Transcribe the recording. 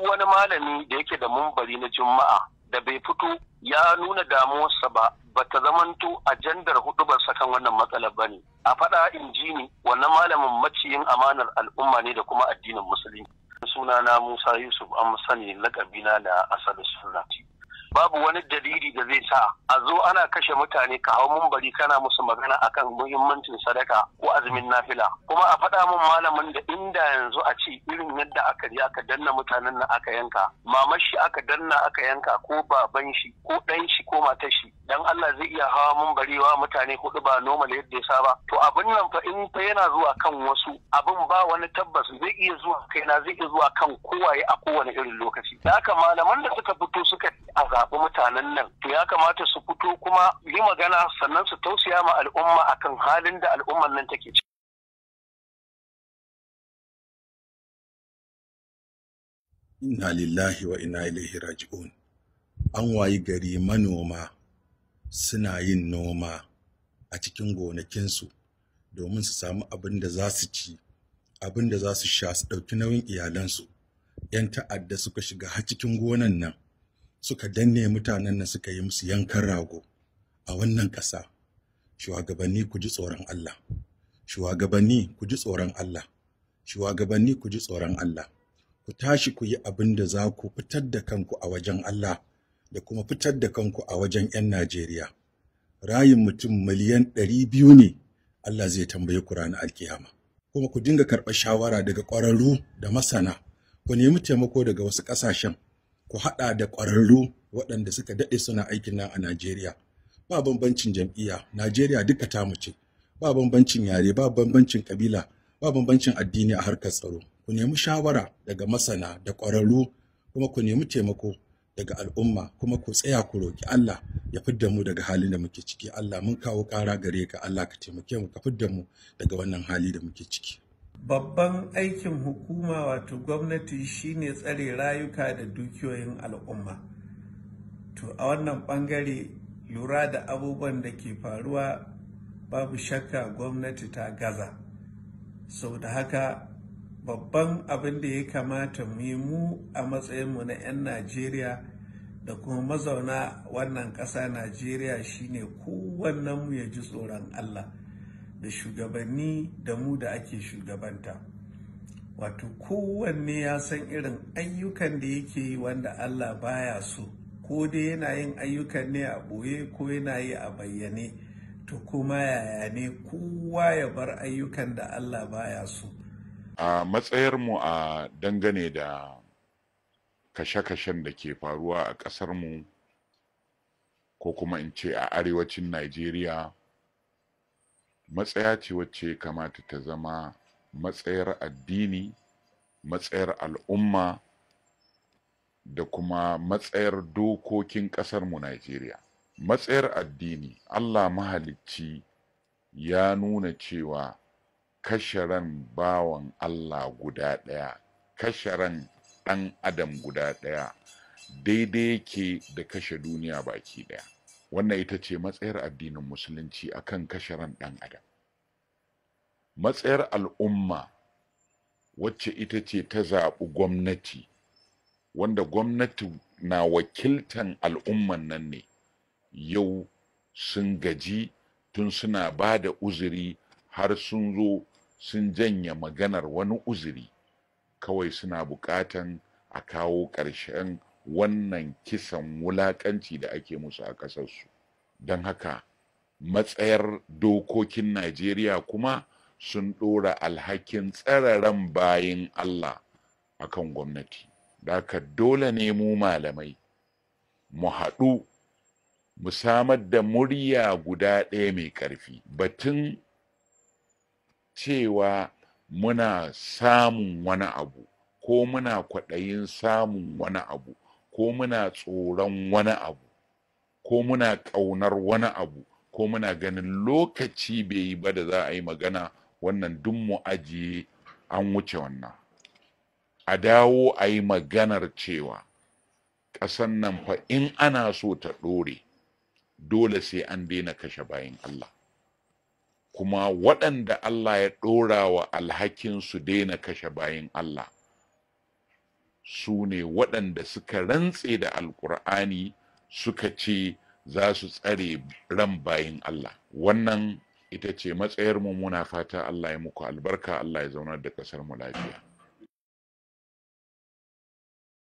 duk wani malami da yake da mumbari na juma'a da bai fito ya nuna damuwarsa ba ba ta zamanto ajandar ba sakan wannan matsala ba ne a faɗa injini wannan malamin maciyin amanar al'umma ne da kuma addinin musulmi sunana musa yusuf an sani lakabina da asalin sunna babu wani dalili da zai sa a zo ana kashe mutane ka hau bari kana musu magana akan muhimmancin sadaka ko azumin nafila kuma a faɗa min malamin da inda yanzu a ce irin yadda aka je aka danna mutanen na aka yanka mamashi shi aka danna aka yanka ko baban shi ko ɗan shi ko matar dan Allah zai iya hawa mun barewa mutane hudu ba normal yadda ya saba to abin nan fa in fa yana zuwa kan wasu abin ba wani tabbas zai iya zuwa kaina zai iya zuwa kan kowaye a kowane irin lokaci da haka malaman da suka fito suka a zaɓi mutanen nan to ya kamata su fito kuma yi magana sannan su tausaya ma al'umma akan halin da al'umman nan take ciki inna lillahi wa inna ilaihi raji'un an wayi gari manoma suna yin noma a cikin gonakinsu domin su samu abin da za su ci abin da za su sha su ɗauki nauyin iyalansu 'yan ta'adda suka shiga har cikin gonan nan suka danne mutanen nan suka yi musu yankan rago a wannan ƙasa shugabanni ku ji tsoron Allah shugabanni ku ji tsoron Allah shugabanni ku ji tsoron Allah ku tashi ku yi abin da za ku fitar da kanku a wajen Allah da kuma fitar da kanku a wajen 'yan Najeriya. Rayin mutum miliyan ɗari biyu ne Allah zai tambayi ku ranar alkiyama. Kuma ku dinga karɓar shawara daga ƙwararru da masana, ku nemi taimako daga wasu ƙasashen, ku haɗa da ƙwararru waɗanda suka daɗe suna aikin na a Najeriya. Ba bambancin jam'iyya, Najeriya duka ta ce, ba bambancin yare, ba bambancin ƙabila, ba bambancin addini a harkar tsaro. Ku nemi shawara daga masana da ƙwararru kuma ku nemi taimako daga al'umma kuma ku tsaya ku roki Allah ya fidda mu daga halin da muke ciki Allah mun kawo ƙara gare ka Allah ka taimake mu ka fidda mu daga wannan hali da muke ciki babban aikin hukuma wato gwamnati shine tsare rayuka da dukiyoyin al'umma to a wannan bangare lura da abubuwan da ke faruwa babu shakka gwamnati ta gaza sau da haka babban abin da ya kamata mu yi mu a matsayinmu na 'yan najeriya da kuma mazauna wannan ƙasa najeriya shine mu ya ji tsoron allah da shugabanni da mu da ake shugabanta wato kowanne ya san irin ayyukan da yake yi wanda allah baya so ko dai yana yin ayyukan ne a ɓoye ko yana yi a bayyane to kuma yaya ne kowa ya bar ayyukan da allah baya so a matsayarmu a dangane da kashe-kashen da ke faruwa a ƙasarmu ko kuma in ce a arewacin najeriya matsaya ce wacce kamata ta zama matsayar addini matsayar al'umma da kuma matsayar dokokin ƙasarmu najeriya matsayar addini allah mahalicci ya nuna cewa kashe bawan Allah guda ɗaya kashe ɗan adam guda ɗaya daidai yake da kashe duniya baki ɗaya wannan ita ce matsayar addinin musulunci akan kashe ran ɗan adam matsayar al'umma wacce ita ce ta zaɓi gwamnati wanda gwamnati na wakiltan al'umman nan ne yau sun gaji tun suna ba da uzuri har sun zo sun janye maganar wani uzuri kawai suna buƙatan a kawo ƙarshen wannan kisan wulaƙanci da ake musu a ƙasarsu don haka matsayar dokokin najeriya kuma sun ɗora alhakin tsararan bayan allah a kan gwamnati haka dole ne mu malamai mu haɗu mu samar da murya guda ɗaya mai ƙarfi batun cewa muna samun wani abu ko muna kwaɗayin samun wani abu ko muna tsoron wani abu ko muna ƙaunar wani abu ko muna ganin lokaci bai yi ba da za a yi magana wannan duk mu ajiye an wuce wannan a dawo a yi maganar cewa ƙasan nan fa in ana so ta ɗore dole sai an daina kashe bayan Allah kuma waɗanda Allah ya ɗora wa alhakin su daina kashe bayin Allah su ne waɗanda suka rantse da alƙur'ani suka ce za su tsare ran bayin Allah wannan ita ce matsayar mu muna fata Allah ya muku albarka Allah ya zaunar da ƙasar mu lafiya